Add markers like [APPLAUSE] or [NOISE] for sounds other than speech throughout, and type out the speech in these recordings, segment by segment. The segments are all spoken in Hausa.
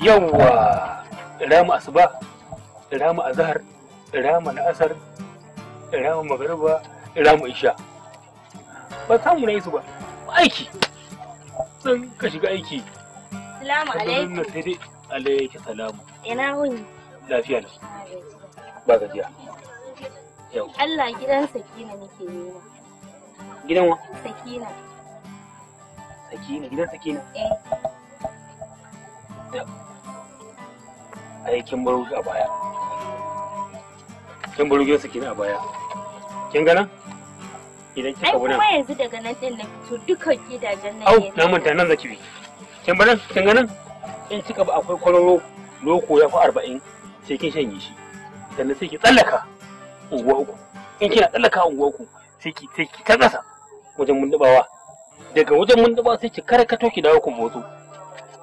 yawwa rama asuba rama azhar rama asar rama magariba rama isha ba samu na isu ba aiki sun ka shiga aiki salamu alaikum sai dai alaikum salamu ina wuni lafiya ne ba gajiya yau Allah gidan sakina nake nema gidan wa sakina sakina gidan sakina eh lafiya ai kin baro a baya kin baro gidansa kenan a baya kin gana idan kika wani ai kuma yanzu daga nan din nan to dukkan gidajen nan au na manta nan zaki bi kin bana kin ganan in kika ba akwai kwararo loko ya fi arba'in sai kin shanye shi sannan sai ki tsallaka unguwa uku in kina tsallaka unguwa uku sai ki sai ki wajen mundubawa daga wajen mundubawa sai ki karkato ki dawo ku motsu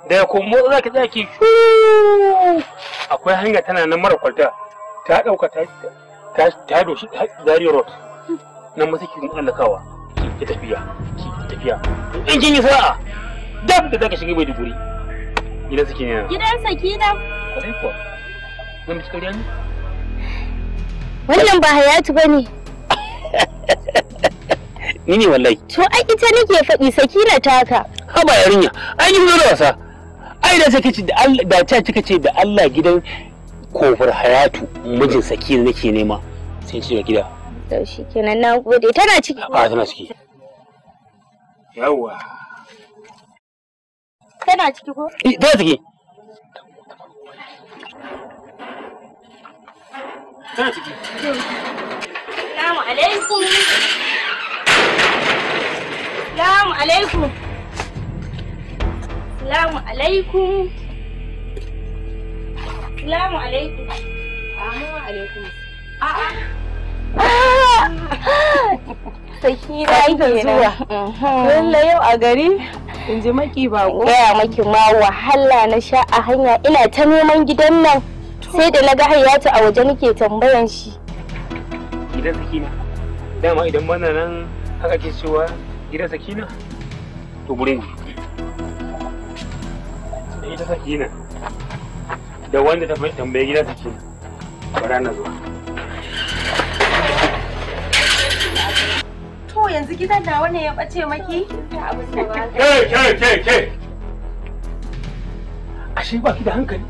Da ya komo za ki tsaya akwai hanya tana nan mara kwalta ta ɗauka ta ta doshi zari road nan masu ki tsallakawa ki tafiya ki tafiya in kin yi sa'a dab da zaka shiga bai duguri gidan sakina gidan Sakina. na kwarai mun ne wannan ba hayatu bane [LAUGHS] ni ne wallahi to ai ita nake faɗi sakina taka haba yarinya ai ni zo da wasa ai da sai da Allah da ta kika ce da Allah gidan kofar hayatu mijin sakina nake nema sai ce gida to shikenan na gode tana ciki a tana ciki yawa tana ciki ko eh tana ciki tana ciki Assalamu alaikum. Assalamu alaikum. Salamu alaikum. Salamu alaikum. Assalamu alaikum. A'a. Sakina [LAUGHS] ke zuwa. Mhm. Lalla yau a gari in ji maki ko. Gaya maki ma wahala na sha a hanya ina ta neman gidan nan. Sai da na ga hayata a waje nake tambayan shi. Gidan Sakina. Dama idan bana nan haka ke cewa gidan Sakina. To gurin ita sakina da wanda ta tambaye gida sakina bara na zo to yanzu gidan nawa ne ya bace maki ke ke ke ke ashe baki da hankali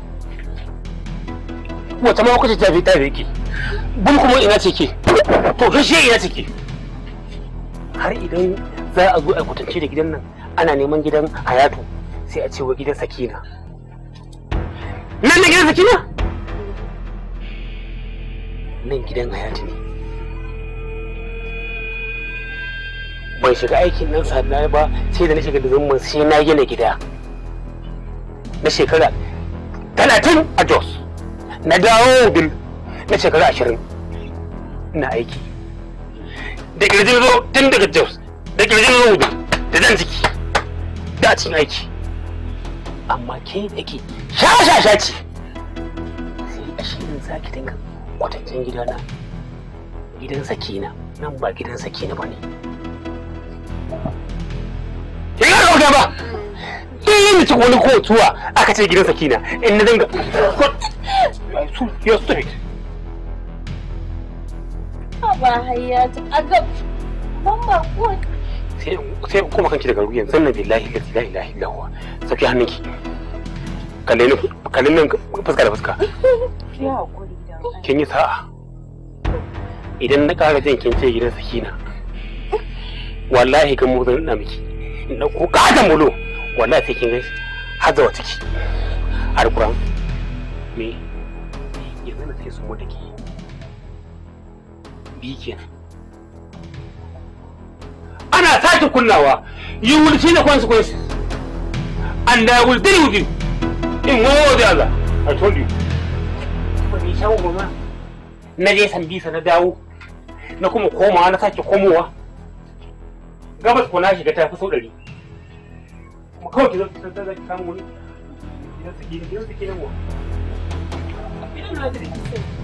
wata ma kuka tafi ta yake bun kuma ina ce ke to gashi ina ce ke har idan za a zo a kwatance da gidan nan ana neman gidan hayatu sai a ce wa gidan sakina nan ne gidan sakina nan gidan hayati ne ban shiga aikin nan sadana ba sai da na shiga da zumman sai na gina gida na shekara talatin a jos na dawo bil na shekara ashirin na aiki da kirjin zo tun daga jos da kirjin zo da zan ciki da cin aiki amma ke yake shashasha ce sai a shi za ki dinga kwatancin gidana gidan sakina nan ba gidan sakina ba ne ina ɗauka ba ina yi mutum wani kotuwa aka ce gidan sakina in na dinga your street ba hayya ta aga ban ba kuwa sai kuma kanki daga ruwan sannan billahi la ilaha illa huwa saki hannunki kalle ni kalle nan fuska da fuska kin yi sa'a idan na ƙara jin kin ce gidan sakina wallahi kan mu zan na miki na ka kada mulo wallahi sai kin gaishe haza wa ciki alquran me yanzu na sai su mu da bi kenan sake kunnawa you will see the consequences and I will deal with you in one way or the other I told you na je san bisa na dawo na kuma komawa na sake komowa gabas ko na shiga ta fi sau ɗari kuma kawai ki zo ki san ki samu wani idan suke idan suke yawa idan na da